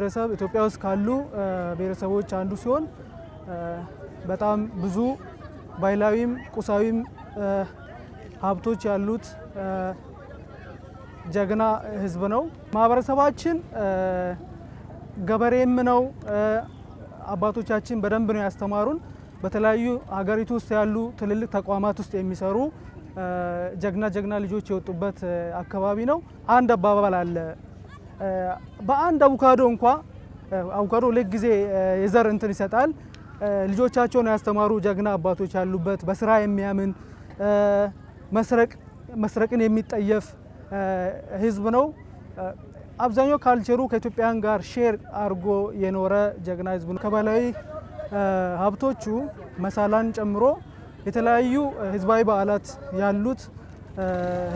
ብሔረሰብ ኢትዮጵያ ውስጥ ካሉ ብሔረሰቦች አንዱ ሲሆን በጣም ብዙ ባህላዊም ቁሳዊም ሀብቶች ያሉት ጀግና ህዝብ ነው። ማህበረሰባችን ገበሬም ነው። አባቶቻችን በደንብ ነው ያስተማሩን። በተለያዩ ሀገሪቱ ውስጥ ያሉ ትልልቅ ተቋማት ውስጥ የሚሰሩ ጀግና ጀግና ልጆች የወጡበት አካባቢ ነው። አንድ አባባል አለ በአንድ አቮካዶ እንኳ አቮካዶ ሁለት ጊዜ የዘር እንትን ይሰጣል። ልጆቻቸውን ያስተማሩ ጀግና አባቶች ያሉበት በስራ የሚያምን መስረቅ መስረቅን የሚጠየፍ ህዝብ ነው። አብዛኛው ካልቸሩ ከኢትዮጵያን ጋር ሼር አድርጎ የኖረ ጀግና ህዝብ ነው። ከባህላዊ ሀብቶቹ መሳላን ጨምሮ የተለያዩ ህዝባዊ በዓላት ያሉት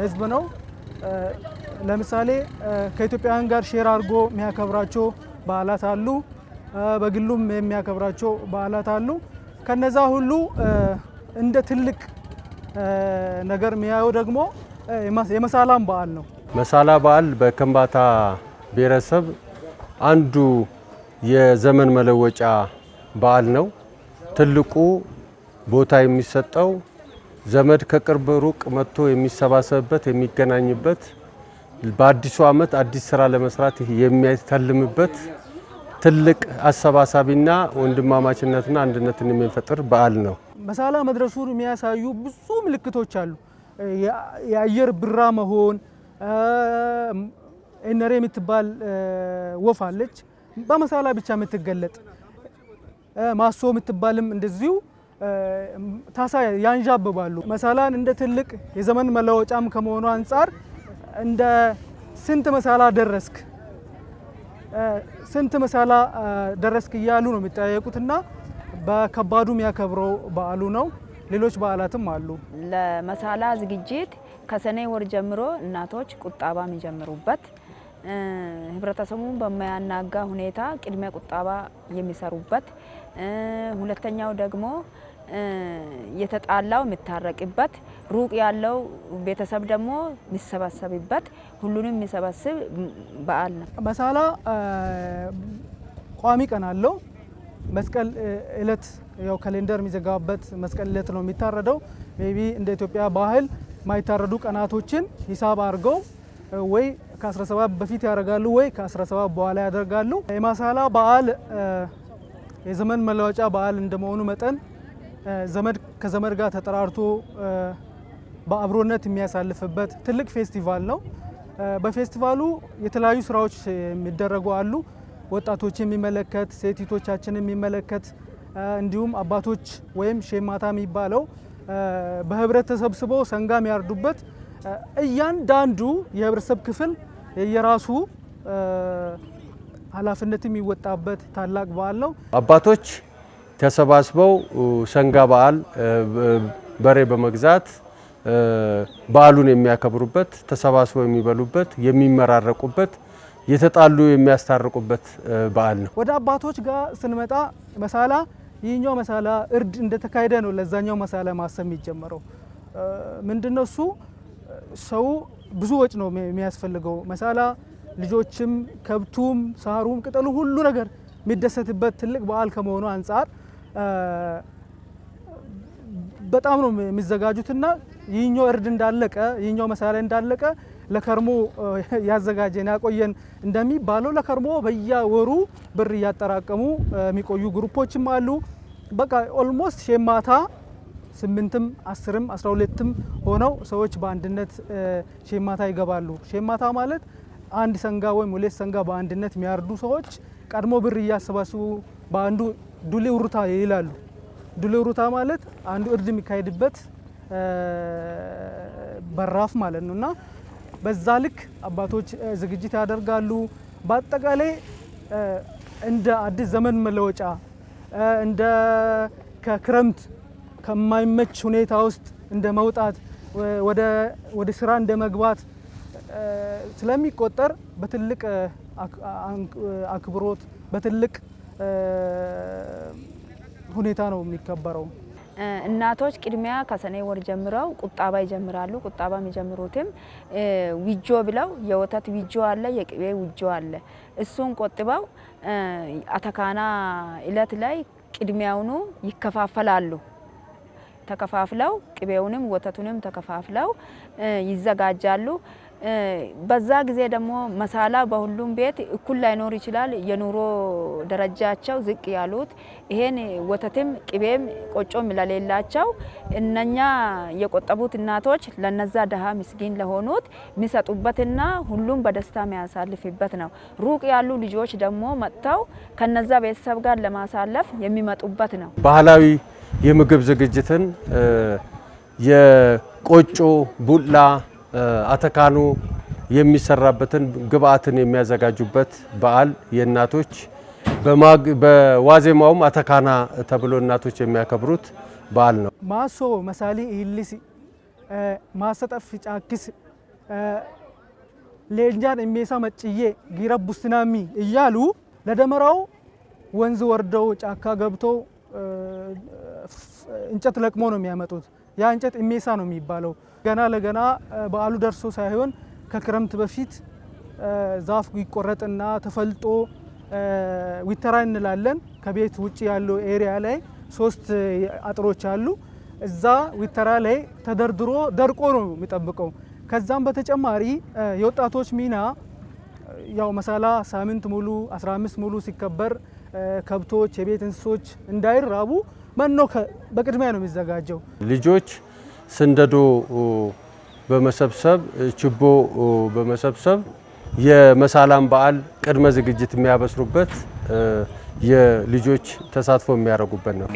ህዝብ ነው። ለምሳሌ ከኢትዮጵያውያን ጋር ሼር አድርጎ የሚያከብራቸው በዓላት አሉ። በግሉም የሚያከብራቸው በዓላት አሉ። ከነዛ ሁሉ እንደ ትልቅ ነገር የሚያየው ደግሞ የመሳላም በዓል ነው። መሳላ በዓል በከምባታ ብሔረሰብ አንዱ የዘመን መለወጫ በዓል ነው። ትልቁ ቦታ የሚሰጠው ዘመድ ከቅርብ ሩቅ መጥቶ የሚሰባሰብበት የሚገናኝበት በአዲሱ ዓመት አዲስ ስራ ለመስራት የሚያተልምበት ትልቅ አሰባሳቢና ወንድማማችነትና አንድነትን የሚፈጥር በዓል ነው። መሳላ መድረሱን የሚያሳዩ ብዙ ምልክቶች አሉ። የአየር ብራ መሆን፣ ኤነሬ የምትባል ወፍ አለች፣ በመሳላ ብቻ የምትገለጥ ማሶ የምትባልም እንደዚሁ ታሳ ያንዣብባሉ። መሳላን እንደ ትልቅ የዘመን መለወጫም ከመሆኑ አንጻር እንደ ስንት መሳላ ደረስክ ስንት መሳላ ደረስክ እያሉ ነው የሚጠያየቁትና በከባዱ የሚያከብረው በዓሉ ነው። ሌሎች በዓላትም አሉ። ለመሳላ ዝግጅት ከሰኔ ወር ጀምሮ እናቶች ቁጣባ የሚጀምሩበት ህብረተሰቡን በማያናጋ ሁኔታ ቅድመ ቁጣባ የሚሰሩበት ሁለተኛው ደግሞ የተጣላው የሚታረቅበት፣ ሩቅ ያለው ቤተሰብ ደግሞ የሚሰባሰብበት፣ ሁሉንም የሚሰባስብ በዓል ነው። መሳላ ቋሚ ቀን አለው። መስቀል እለት ያው ካሌንደር የሚዘጋበት መስቀል እለት ነው የሚታረደው። ሜቢ እንደ ኢትዮጵያ ባህል ማይታረዱ ቀናቶችን ሂሳብ አድርገው ወይ ከ17 በፊት ያደርጋሉ ወይ ከ17 በኋላ ያደርጋሉ። የማሳላ በዓል የዘመን መለወጫ በዓል እንደመሆኑ መጠን ዘመድ ከዘመድ ጋር ተጠራርቶ በአብሮነት የሚያሳልፍበት ትልቅ ፌስቲቫል ነው። በፌስቲቫሉ የተለያዩ ስራዎች የሚደረጉ አሉ። ወጣቶች የሚመለከት ሴቲቶቻችን የሚመለከት እንዲሁም አባቶች ወይም ሼማታ የሚባለው በህብረት ተሰብስበው ሰንጋ የሚያርዱበት እያንዳንዱ የህብረተሰብ ክፍል የራሱ ኃላፊነት የሚወጣበት ታላቅ በዓል ነው። አባቶች ተሰባስበው ሰንጋ በዓል በሬ በመግዛት በዓሉን የሚያከብሩበት፣ ተሰባስበው የሚበሉበት፣ የሚመራረቁበት፣ የተጣሉ የሚያስታርቁበት በዓል ነው። ወደ አባቶች ጋር ስንመጣ መሳላ ይህኛው መሳላ እርድ እንደተካሄደ ነው ለዛኛው መሳላ ማሰብ የሚጀመረው ምንድነው? እሱ ሰው ብዙ ወጭ ነው የሚያስፈልገው መሳላ ልጆችም ከብቱም ሳሩም ቅጠሉ ሁሉ ነገር የሚደሰትበት ትልቅ በዓል ከመሆኑ አንጻር በጣም ነው የሚዘጋጁትና ይህኛው እርድ እንዳለቀ ይህኛው መሳሪያ እንዳለቀ ለከርሞ ያዘጋጀን ያቆየን እንደሚባለው ለከርሞ በየወሩ ብር እያጠራቀሙ የሚቆዩ ግሩፖችም አሉ። በቃ ኦልሞስት ሼማታ ስምንትም አስርም አስራ ሁለትም ሆነው ሰዎች በአንድነት ሼማታ ይገባሉ። ሼማታ ማለት አንድ ሰንጋ ወይም ሁለት ሰንጋ በአንድነት የሚያርዱ ሰዎች ቀድሞ ብር እያሰባስቡ በአንዱ ዱሌ ውሩታ ይላሉ። ዱሌ ውሩታ ማለት አንዱ እርድ የሚካሄድበት በራፍ ማለት ነው እና በዛ ልክ አባቶች ዝግጅት ያደርጋሉ። በአጠቃላይ እንደ አዲስ ዘመን መለወጫ እንደ ከክረምት ከማይመች ሁኔታ ውስጥ እንደ መውጣት ወደ ስራ እንደ መግባት ስለሚቆጠር በትልቅ አክብሮት በትልቅ ሁኔታ ነው የሚከበረው። እናቶች ቅድሚያ ከሰኔ ወር ጀምረው ቁጣባ ይጀምራሉ። ቁጣባ የሚጀምሩትም ዊጆ ብለው የወተት ዊጆ አለ፣ የቅቤ ዊጆ አለ። እሱን ቆጥበው አተካና እለት ላይ ቅድሚያውኑ ይከፋፈላሉ። ተከፋፍለው ቅቤውንም ወተቱንም ተከፋፍለው ይዘጋጃሉ። በዛ ጊዜ ደግሞ መሳላ በሁሉም ቤት እኩል ላይኖር ይችላል። የኑሮ ደረጃቸው ዝቅ ያሉት ይሄን ወተትም ቅቤም ቆጮም ለሌላቸው እነኛ የቆጠቡት እናቶች ለነዛ ደሃ ምስኪን ለሆኑት የሚሰጡበትና ሁሉም በደስታ የሚያሳልፍበት ነው። ሩቅ ያሉ ልጆች ደግሞ መጥተው ከነዛ ቤተሰብ ጋር ለማሳለፍ የሚመጡበት ነው። ባህላዊ የምግብ ዝግጅትን የቆጮ ቡላ አተካኑ የሚሰራበትን ግብአትን የሚያዘጋጁበት በዓል የእናቶች በዋዜማውም አተካና ተብሎ እናቶች የሚያከብሩት በዓል ነው። ማሶ መሳሊ ኢልስ ማሰጠፍ ጫክስ ሌንጃን እሜሳ መጭዬ ጊረብ ቡስትናሚ እያሉ ለደመራው ወንዝ ወርደው ጫካ ገብተው እንጨት ለቅሞ ነው የሚያመጡት። ያ እንጨት እሜሳ ነው የሚባለው። ገና ለገና በዓሉ ደርሶ ሳይሆን ከክረምት በፊት ዛፍ ይቆረጥና ተፈልጦ ዊተራ እንላለን። ከቤት ውጭ ያለው ኤሪያ ላይ ሶስት አጥሮች አሉ። እዛ ዊተራ ላይ ተደርድሮ ደርቆ ነው የሚጠብቀው። ከዛም በተጨማሪ የወጣቶች ሚና ያው መሳላ ሳምንት ሙሉ 15 ሙሉ ሲከበር ከብቶች፣ የቤት እንስሶች እንዳይራቡ መኖ በቅድሚያ ነው የሚዘጋጀው ልጆች ስንደዶ በመሰብሰብ ችቦ በመሰብሰብ የመሳላም በዓል ቅድመ ዝግጅት የሚያበስሩበት የልጆች ተሳትፎ የሚያደርጉበት ነው።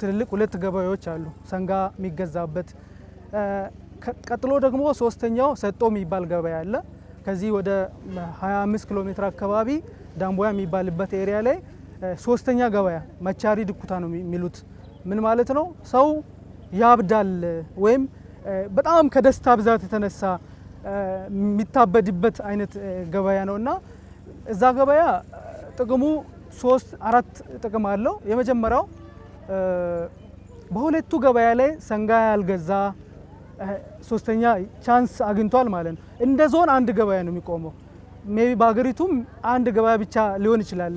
ትልልቅ ሁለት ገበያዎች አሉ፣ ሰንጋ የሚገዛበት ቀጥሎ ደግሞ ሶስተኛው ሰጦ የሚባል ገበያ አለ። ከዚህ ወደ 25 ኪሎ ሜትር አካባቢ ዳምቦያ የሚባልበት ኤሪያ ላይ ሶስተኛ ገበያ መቻሪ ድኩታ ነው የሚሉት። ምን ማለት ነው? ሰው ያብዳል ወይም በጣም ከደስታ ብዛት የተነሳ የሚታበድበት አይነት ገበያ ነው እና እዛ ገበያ ጥቅሙ ሶስት አራት ጥቅም አለው። የመጀመሪያው በሁለቱ ገበያ ላይ ሰንጋ ያልገዛ ሶስተኛ ቻንስ አግኝቷል ማለት ነው። እንደ ዞን አንድ ገበያ ነው የሚቆመው። ሜቢ በሀገሪቱም አንድ ገበያ ብቻ ሊሆን ይችላል።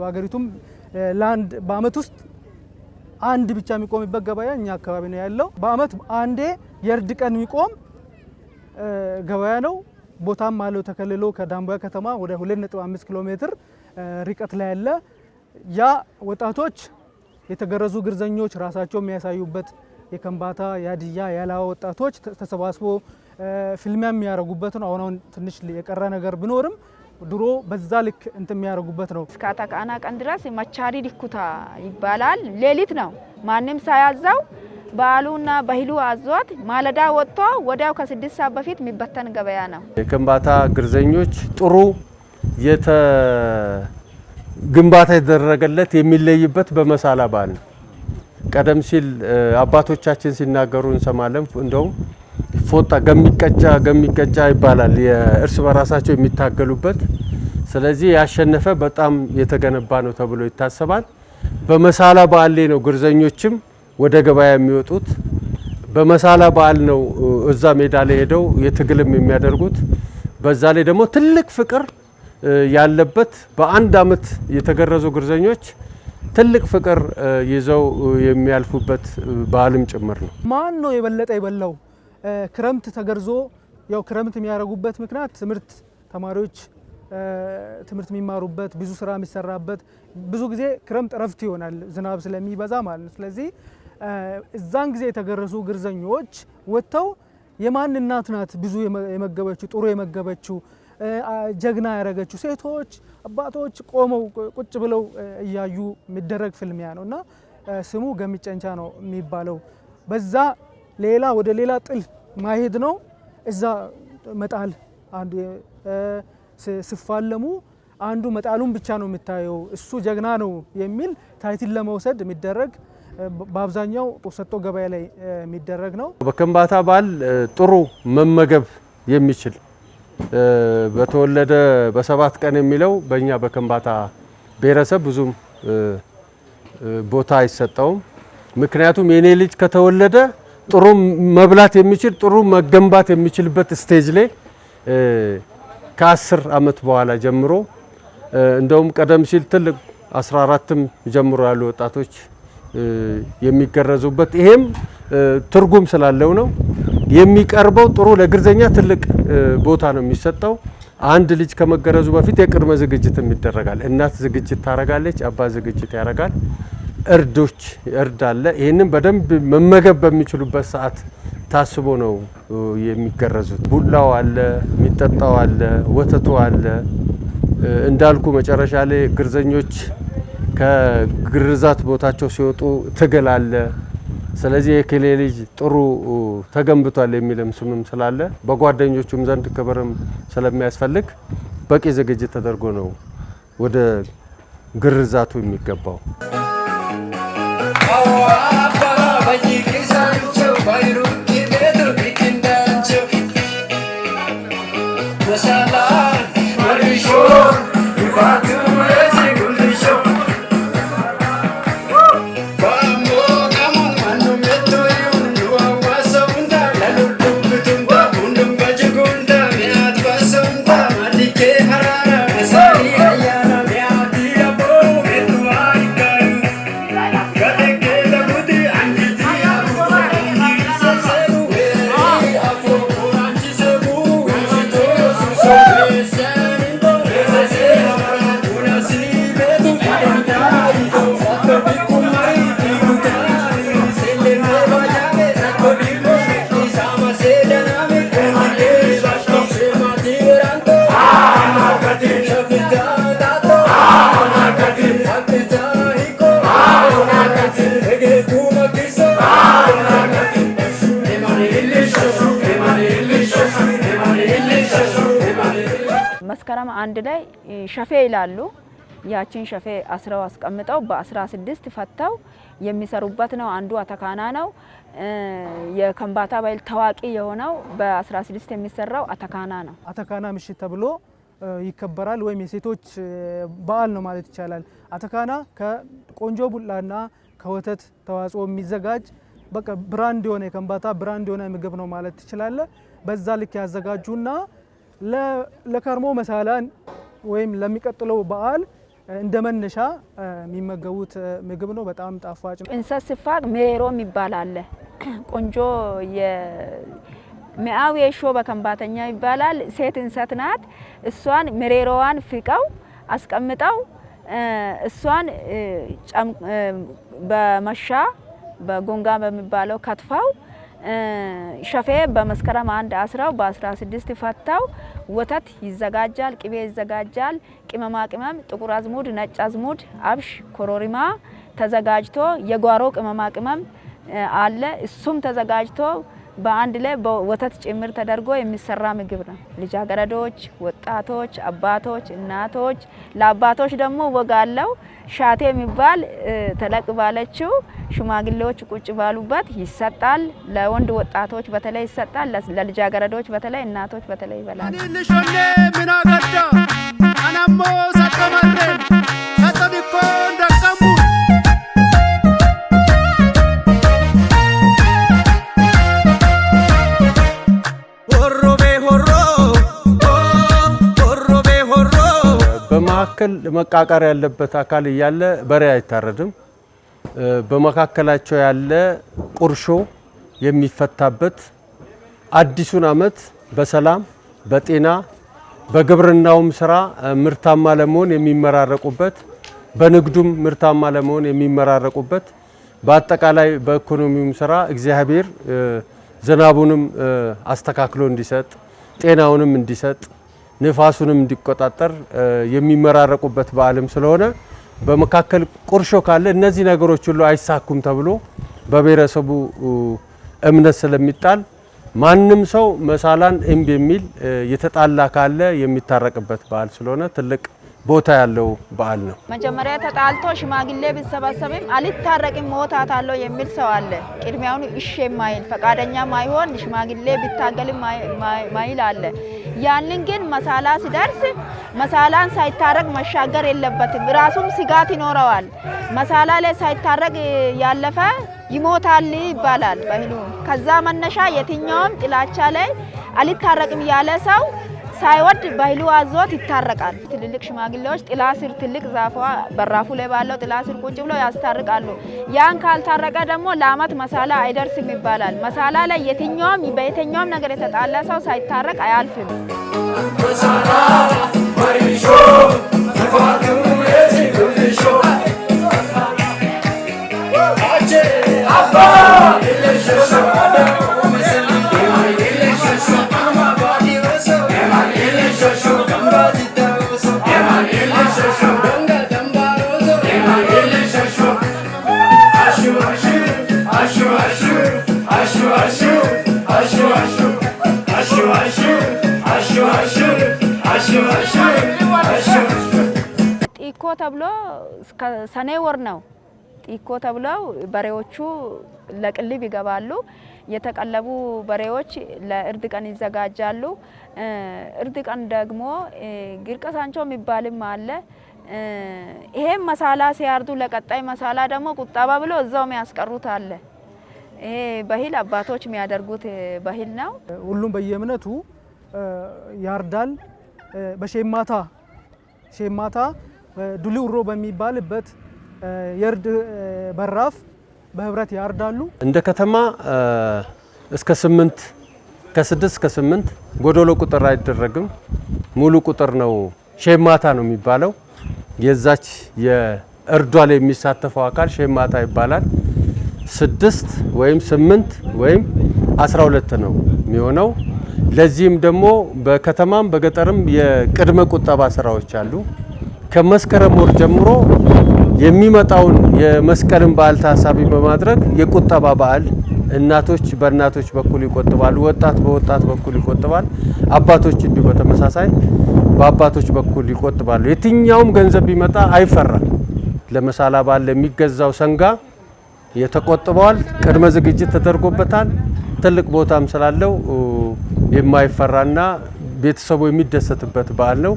በሀገሪቱም ለአንድ በአመት ውስጥ አንድ ብቻ የሚቆምበት ገበያ እኛ አካባቢ ነው ያለው። በአመት አንዴ የእርድ ቀን የሚቆም ገበያ ነው። ቦታም አለው ተከልሎ ከዳንቡያ ከተማ ወደ 2.5 ኪሎ ሜትር ርቀት ላይ ያለ ያ ወጣቶች የተገረዙ ግርዘኞች ራሳቸው የሚያሳዩበት የከንባታ፣ የሀዲያ ያላዋ ወጣቶች ተሰባስቦ ፊልሚያ የሚያደርጉበት ነው። አሁን ትንሽ የቀረ ነገር ቢኖርም ድሮ በዛ ልክ እንት የሚያደርጉበት ነው። እስከ አታቃና ቀን ድረስ መቻሪ ዲኩታ ይባላል። ሌሊት ነው ማንም ሳያዛው ባሉና በህሉ አዟት ማለዳ ወጥቶ ወዲያው ከስድስት ሰዓት በፊት የሚበተን ገበያ ነው። የከምባታ ግርዘኞች ጥሩ የተ ግንባታ የተደረገለት የሚለይበት በመሳላ በዓል ነው። ቀደም ሲል አባቶቻችን ሲናገሩ እንሰማለን። እንደውም ፎጣ ገሚቀጫ ገሚቀጫ ይባላል የእርስ በራሳቸው የሚታገሉበት። ስለዚህ ያሸነፈ በጣም የተገነባ ነው ተብሎ ይታሰባል። በመሳላ በዓል ላይ ነው ግርዘኞችም ወደ ገበያ የሚወጡት በመሳላ በዓል ነው። እዛ ሜዳ ላይ ሄደው የትግልም የሚያደርጉት በዛ ላይ ደግሞ ትልቅ ፍቅር ያለበት በአንድ አመት የተገረዙ ግርዘኞች ትልቅ ፍቅር ይዘው የሚያልፉበት በዓልም ጭምር ነው። ማን ነው የበለጠ የበላው? ክረምት ተገርዞ ያው ክረምት የሚያደርጉበት ምክንያት ትምህርት ተማሪዎች ትምህርት የሚማሩበት ብዙ ስራ የሚሰራበት ብዙ ጊዜ ክረምት እረፍት ይሆናል ዝናብ ስለሚበዛ ማለት ነው። ስለዚህ እዛን ጊዜ የተገረዙ ግርዘኞች ወጥተው የማን እናት ናት ብዙ የመገበችው ጥሩ የመገበችው ጀግና ያደረገችው ሴቶች አባቶች ቆመው ቁጭ ብለው እያዩ የሚደረግ ፍልሚያ ነው እና ስሙ ገሚጨንቻ ነው የሚባለው። በዛ ሌላ ወደ ሌላ ጥል ማሄድ ነው። እዛ መጣል አንዱ ሲፋለሙ አንዱ መጣሉን ብቻ ነው የምታየው እሱ ጀግና ነው የሚል ታይትል ለመውሰድ የሚደረግ በአብዛኛው ሰጥቶ ገበያ ላይ የሚደረግ ነው። በከምባታ በዓል ጥሩ መመገብ የሚችል በተወለደ በሰባት ቀን የሚለው በእኛ በከምባታ ብሔረሰብ ብዙም ቦታ አይሰጠውም። ምክንያቱም የኔ ልጅ ከተወለደ ጥሩ መብላት የሚችል ጥሩ መገንባት የሚችልበት ስቴጅ ላይ ከአስር ዓመት በኋላ ጀምሮ እንደውም ቀደም ሲል ትልቅ 14ም ጀምሮ ያሉ ወጣቶች የሚገረዙበት ይሄም ትርጉም ስላለው ነው የሚቀርበው። ጥሩ ለግርዘኛ ትልቅ ቦታ ነው የሚሰጠው። አንድ ልጅ ከመገረዙ በፊት የቅድመ ዝግጅትም ይደረጋል። እናት ዝግጅት ታረጋለች፣ አባት ዝግጅት ያረጋል። እርዶች እርድ አለ። ይህንን በደንብ መመገብ በሚችሉበት ሰዓት ታስቦ ነው የሚገረዙት። ቡላው አለ፣ የሚጠጣው አለ፣ ወተቱ አለ። እንዳልኩ መጨረሻ ላይ ግርዘኞች ከግርዛት ቦታቸው ሲወጡ ትግል አለ። ስለዚህ የክሌ ልጅ ጥሩ ተገንብቷል የሚልም ስምም ስላለ በጓደኞቹም ዘንድ ክብርም ስለሚያስፈልግ በቂ ዝግጅት ተደርጎ ነው ወደ ግርዛቱ የሚገባው። አንድ ላይ ሸፌ ይላሉ። ያችን ሸፌ አስረው አስቀምጠው በአስራ ስድስት ፈተው የሚሰሩበት ነው። አንዱ አተካና ነው። የከምባታ ባይል ታዋቂ የሆነው በአስራ ስድስት የሚሰራው አተካና ነው። አተካና ምሽት ተብሎ ይከበራል ወይም የሴቶች በዓል ነው ማለት ይቻላል። አተካና ከቆንጆ ቡላና ከወተት ተዋጽኦ የሚዘጋጅ በቃ ብራንድ የሆነ የከምባታ ብራንድ የሆነ ምግብ ነው ማለት ትችላለ። በዛ ልክ ያዘጋጁና ለከርሞ መሳላን ወይም ለሚቀጥለው በዓል እንደ መነሻ የሚመገቡት ምግብ ነው። በጣም ጣፋጭ ነው። እንሰት ስፋቅ ሜሮም ይባላል። ቆንጆ የመአዊ ሾ በከንባተኛ ይባላል። ሴት እንሰት ናት። እሷን ምሬሮዋን ፍቀው አስቀምጠው እሷን በመሻ በጎንጋ በሚባለው ከትፋው ሸፌ በመስከረም አንድ አስራው በአስራ ስድስት ፈታው ወተት ይዘጋጃል፣ ቅቤ ይዘጋጃል፣ ቅመማ ቅመም፣ ጥቁር አዝሙድ፣ ነጭ አዝሙድ፣ አብሽ፣ ኮሮሪማ ተዘጋጅቶ የጓሮ ቅመማ ቅመም አለ እሱም ተዘጋጅቶ በአንድ ላይ በወተት ጭምር ተደርጎ የሚሰራ ምግብ ነው። ልጃገረዶች፣ ወጣቶች፣ አባቶች፣ እናቶች ለአባቶች ደግሞ ወግ አለው ሻቴ የሚባል ተለቅ ባለችው ሽማግሌዎች ቁጭ ባሉበት ይሰጣል። ለወንድ ወጣቶች በተለይ ይሰጣል። ለልጃገረዶች በተለይ እናቶች በተለይ ይበላል። መካከል መቃቀር ያለበት አካል እያለ በሬ አይታረድም። በመካከላቸው ያለ ቁርሾ የሚፈታበት አዲሱን ዓመት በሰላም በጤና በግብርናውም ስራ ምርታማ ለመሆን የሚመራረቁበት በንግዱም ምርታማ ለመሆን የሚመራረቁበት በአጠቃላይ በኢኮኖሚውም ስራ እግዚአብሔር ዝናቡንም አስተካክሎ እንዲሰጥ ጤናውንም እንዲሰጥ ንፋሱንም እንዲቆጣጠር የሚመራረቁበት በዓልም ስለሆነ በመካከል ቁርሾ ካለ እነዚህ ነገሮች ሁሉ አይሳኩም ተብሎ በብሔረሰቡ እምነት ስለሚጣል ማንም ሰው መሳላን እምቢ የሚል የተጣላ ካለ የሚታረቅበት በዓል ስለሆነ ትልቅ ቦታ ያለው በዓል ነው። መጀመሪያ ተጣልቶ ሽማግሌ ቢሰበሰብም አልታረቅም አለው የሚል ሰው አለ። ቅድሚያውን እሽ የማይል ፈቃደኛ ማይሆን ሽማግሌ ቢታገልም ማይል አለ። ያንን ግን መሳላ ሲደርስ መሳላን ሳይታረግ መሻገር የለበትም። ራሱም ስጋት ይኖረዋል። መሳላ ላይ ሳይታረግ ያለፈ ይሞታል ይባላል ከዛ መነሻ የትኛውም ጥላቻ ላይ አልታረቅም ያለ ሰው ሳይወድ ባህሉ አዞት ይታረቃል። ትልልቅ ሽማግሌዎች ጥላ ስር ትልቅ ዛፏ በራፉ ላይ ባለው ጥላ ስር ቁጭ ብለው ያስታርቃሉ። ያን ካልታረቀ ደግሞ ለአመት መሳላ አይደርስም ይባላል። መሳላ ላይ የትኛውም በየትኛውም ነገር የተጣላ ሰው ሳይታረቅ አያልፍም። መሳላ ሰኔ ወር ነው ጢኮ ተብለው በሬዎቹ ለቅልብ ይገባሉ። የተቀለቡ በሬዎች ለእርድ ቀን ይዘጋጃሉ። እርድ ቀን ደግሞ ግርቀሳንቾ የሚባልም አለ። ይሄም መሳላ ሲያርዱ ለቀጣይ መሳላ ደግሞ ቁጠባ ብሎ እዛው የሚያስቀሩት አለ። ይሄ በሂል አባቶች የሚያደርጉት በሂል ነው። ሁሉም በየእምነቱ ያርዳል። በሼማታ ሼማታ ዱሊውሮ በሚባልበት የእርድ በራፍ በህብረት ያርዳሉ። እንደ ከተማ እስከ ስምንት ከስድስት እስከ ስምንት ጎዶሎ ቁጥር አይደረግም። ሙሉ ቁጥር ነው። ሼማታ ነው የሚባለው። የዛች የእርዷ ላይ የሚሳተፈው አካል ሼማታ ይባላል። ስድስት ወይም ስምንት ወይም አስራ ሁለት ነው የሚሆነው። ለዚህም ደግሞ በከተማም በገጠርም የቅድመ ቁጠባ ስራዎች አሉ። ከመስከረም ወር ጀምሮ የሚመጣውን የመስቀልን በዓል ታሳቢ በማድረግ የቁጠባ በዓል እናቶች በእናቶች በኩል ይቆጥባሉ፣ ወጣት በወጣት በኩል ይቆጥባል፣ አባቶች እንዲሁ በተመሳሳይ በአባቶች በኩል ይቆጥባሉ። የትኛውም ገንዘብ ቢመጣ አይፈራም። ለመሳላ በዓል ለሚገዛው ሰንጋ የተቆጥበዋል፣ ቅድመ ዝግጅት ተደርጎበታል። ትልቅ ቦታም ስላለው የማይፈራና ቤተሰቡ የሚደሰትበት በዓል ነው።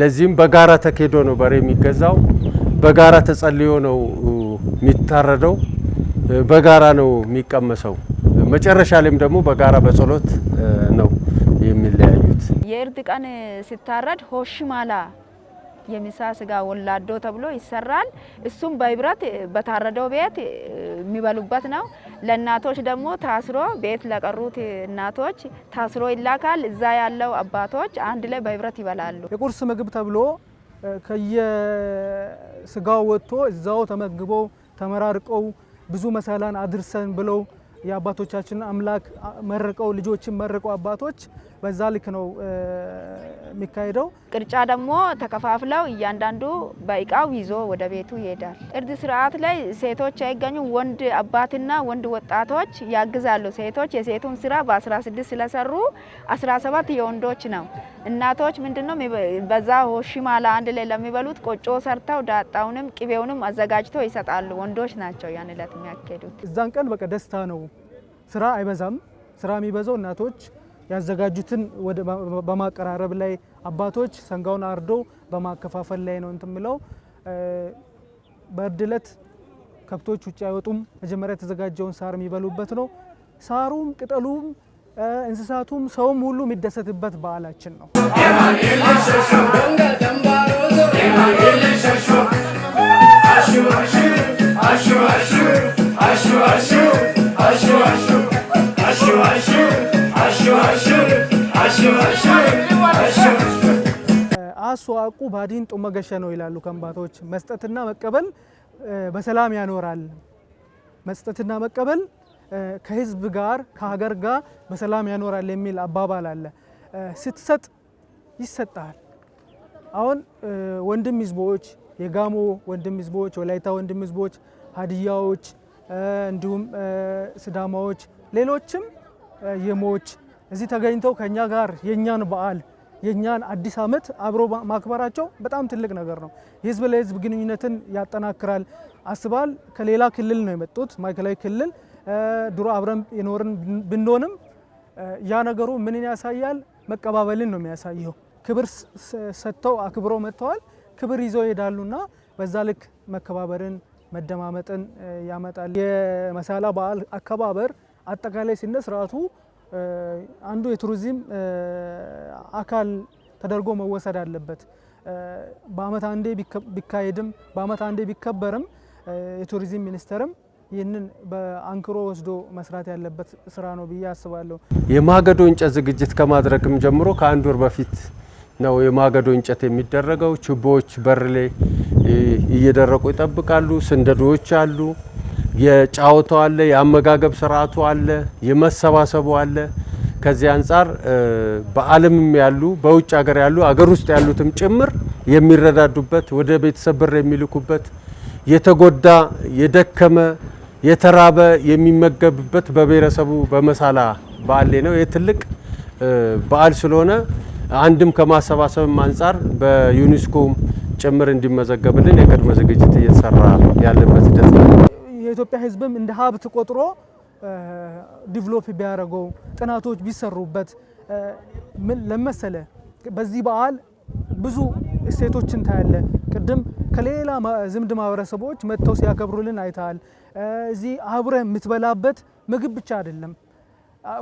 ለዚህም በጋራ ተኬዶ ነው በሬ የሚገዛው። በጋራ ተጸልዮ ነው የሚታረደው። በጋራ ነው የሚቀመሰው። መጨረሻ ላይም ደግሞ በጋራ በጸሎት ነው የሚለያዩት። የእርድ ቀን ሲታረድ ሆሽማላ የሚሳ ስጋ ወላዶ ተብሎ ይሰራል። እሱም በህብረት በታረደው ቤት የሚበሉበት ነው። ለእናቶች ደግሞ ታስሮ ቤት ለቀሩት እናቶች ታስሮ ይላካል። እዛ ያለው አባቶች አንድ ላይ በህብረት ይበላሉ። የቁርስ ምግብ ተብሎ ከየስጋው ወጥቶ እዛው ተመግበው ተመራርቀው ብዙ መሰላን አድርሰን ብለው የአባቶቻችን አምላክ መርቀው ልጆችን መርቀ አባቶች በዛ ልክ ነው የሚካሄደው። ቅርጫ ደግሞ ተከፋፍለው እያንዳንዱ በእቃው ይዞ ወደ ቤቱ ይሄዳል። እርድ ስርዓት ላይ ሴቶች አይገኙ፣ ወንድ አባትና ወንድ ወጣቶች ያግዛሉ። ሴቶች የሴቱን ስራ በ16 ስለሰሩ 17 የወንዶች ነው። እናቶች ምንድነው በዛ ሆሽማላ አንድ ላይ ለሚበሉት ቆጮ ሰርተው ዳጣውንም ቅቤውንም አዘጋጅተው ይሰጣሉ። ወንዶች ናቸው ያን ዕለት የሚያካሄዱት። እዛን ቀን በቃ ደስታ ነው። ስራ አይበዛም። ስራ የሚበዛው እናቶች ያዘጋጁትን በማቀራረብ ላይ፣ አባቶች ሰንጋውን አርዶ በማከፋፈል ላይ ነው እንትን ምለው በእርድ ዕለት ከብቶች ውጭ አይወጡም። መጀመሪያ የተዘጋጀውን ሳር የሚበሉበት ነው። ሳሩም ቅጠሉም እንስሳቱም ሰውም ሁሉ የሚደሰትበት በዓላችን ነው። አሹ አሹ አሹ አሹ አሹ አሹ አስዋቁ ባዲን ጡመገሸ ነው ይላሉ ከንባቶች። መስጠትና መቀበል በሰላም ያኖራል። መስጠትና መቀበል ከህዝብ ጋር ከሀገር ጋር በሰላም ያኖራል የሚል አባባል አለ። ስትሰጥ ይሰጣል። አሁን ወንድም ህዝቦች፣ የጋሞ ወንድም ህዝቦች፣ ወላይታ ወንድም ህዝቦች፣ ሀዲያዎች፣ እንዲሁም ስዳማዎች፣ ሌሎችም የሞች እዚህ ተገኝተው ከኛ ጋር የእኛን በዓል የእኛን አዲስ ዓመት አብሮ ማክበራቸው በጣም ትልቅ ነገር ነው። የህዝብ ለህዝብ ግንኙነትን ያጠናክራል። አስባል ከሌላ ክልል ነው የመጡት ማዕከላዊ ክልል ድሮ አብረን የኖርን ብንሆንም ያ ነገሩ ምንን ያሳያል? መቀባበልን ነው የሚያሳየው። ክብር ሰጥተው አክብሮ መጥተዋል። ክብር ይዘው ይሄዳሉና በዛ ልክ መከባበርን መደማመጥን ያመጣል። የመሳላ በዓል አከባበር አጠቃላይ ሲነ ስርዓቱ አንዱ የቱሪዝም አካል ተደርጎ መወሰድ አለበት። በአመት አንዴ ቢካሄድም በአመት አንዴ ቢከበርም የቱሪዝም ሚኒስቴርም ይህንን በአንክሮ ወስዶ መስራት ያለበት ስራ ነው ብዬ አስባለሁ። የማገዶ እንጨት ዝግጅት ከማድረግም ጀምሮ ከአንድ ወር በፊት ነው የማገዶ እንጨት የሚደረገው። ችቦዎች በር ላይ እየደረቁ ይጠብቃሉ። ስንደዶዎች አሉ። የጫወታው አለ፣ የአመጋገብ ስርዓቱ አለ፣ የመሰባሰቡ አለ። ከዚህ አንጻር በዓለምም ያሉ በውጭ ሀገር ያሉ አገር ውስጥ ያሉትም ጭምር የሚረዳዱበት ወደ ቤተሰብ ብር የሚልኩበት የተጎዳ የደከመ የተራበ የሚመገብበት በብሔረሰቡ በመሳላ በዓሌ ነው። ይህ ትልቅ በዓል ስለሆነ አንድም ከማሰባሰብም አንጻር በዩኒስኮ ጭምር እንዲመዘገብልን የቅድመ ዝግጅት እየተሰራ ያለበት ሂደት ነው። የኢትዮጵያ ህዝብም እንደ ሀብት ቆጥሮ ዲቭሎፕ ቢያደርገው ጥናቶች ቢሰሩበት ምን ለመሰለ በዚህ በዓል ብዙ እሴቶችን ታያለ። ቅድም ከሌላ ዝምድ ማህበረሰቦች መጥተው ሲያከብሩልን አይተሃል። እዚህ አብረ የምትበላበት ምግብ ብቻ አይደለም፣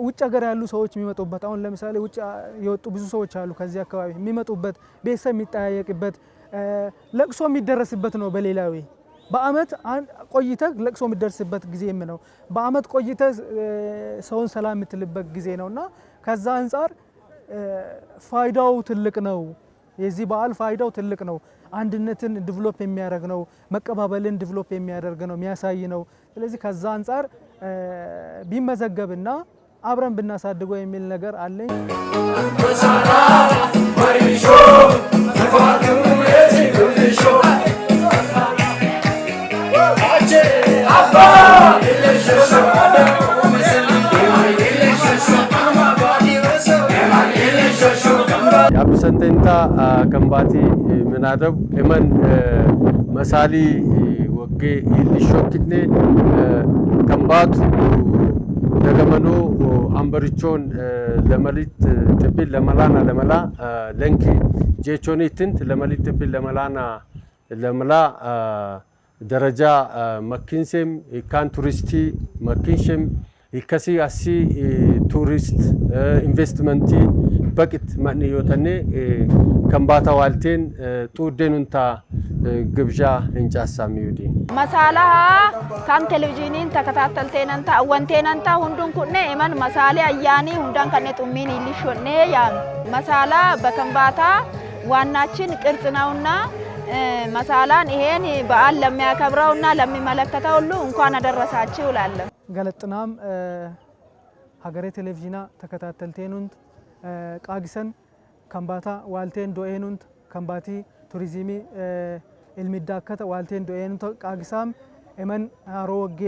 ውጭ ሀገር ያሉ ሰዎች የሚመጡበት አሁን ለምሳሌ ውጭ የወጡ ብዙ ሰዎች አሉ ከዚህ አካባቢ የሚመጡበት ቤተሰብ የሚጠያየቅበት ለቅሶ የሚደረስበት ነው በሌላዊ በአመት ቆይተ ለቅሶ የምትደርስበት ጊዜም ነው። በአመት ቆይተ ሰውን ሰላም የምትልበት ጊዜ ነው እና ከዛ አንጻር ፋይዳው ትልቅ ነው። የዚህ በዓል ፋይዳው ትልቅ ነው። አንድነትን ዲቨሎፕ የሚያደርግ ነው። መቀባበልን ዲቨሎፕ የሚያደርግ ነው፣ የሚያሳይ ነው። ስለዚህ ከዛ አንጻር ቢመዘገብና አብረን ብናሳድገው የሚል ነገር አለኝ። ተንታ ከንባቲ ምናደብ እመን መሳሊ ወጌ ሊሾክኔ ከንባቱ ደገመኖ አንበርቾን ለመሊት ጥብል ለመላና ለመላ ለንኪ ጄቾኒ ትንት ለመሊት ጥብል ለመላና ለመላ ደረጃ መኪንሴም ካን ቱሪስቲ መኪንሼም ይከሲ አሲ ቱሪስት investimentii በቅት ማንዮተኔ ከምባታ ዋልቴን ጡዴኑንታ ግብዣ እንጫሳ ሚዩዲ መሳላ ካን ቴሌቪዥኒን ተከታተልቴነንታ አወንቴነንታ ሁንዱን ኩኔ እመን መሳሌ አያኒ ሁንዳን ከኔ ጡሚን ይልሾኔ ያ መሳላ በከምባታ ዋናችን ቅርጽ ነውና መሳላን ይሄን በዓል ለሚያከብረውና ለሚመለከተው ሁሉ እንኳን አደረሳችሁ እላለሁ። ገለጥናም ሀገሬ ቴሌቪዥና ተከታተልቴኑንት ቃግሰን ከምባታ ዋልቴን ዶኤኑንት ከምባቲ ቱሪዝሚ ኢልሚዳከተ ዋልቴን ዶኤኑንት ቃግሳም እመን አሮ ወጌ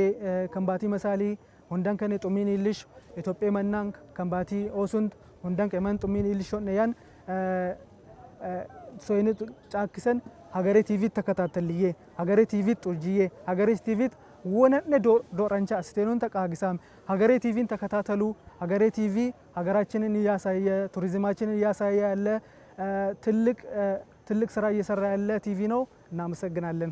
ከምባቲ መሳሊ ሁንዳን ከኔ ጡሚን ኢልሽ ኢትዮጵያ መናንክ ከምባቲ ኦሱንት ሁንዳን ኤመን ጡሚን ኢልሽ ሆነያን ሶይነት ጫክሰን ሀገሬ ቲቪ ተከታተልዬ ሀገሬ ቲቪ ጡርጅዬ ሀገሬ ቲቪት ወነነ ዶረንቻ አስቴኑን ተቃግሳም ሀገሬ ቲቪን ተከታተሉ። ሀገሬ ቲቪ ሀገራችንን እያሳየ ቱሪዝማችንን እያሳየ ያለ ትልቅ ትልቅ ስራ እየሰራ ያለ ቲቪ ነው። እናመሰግናለን።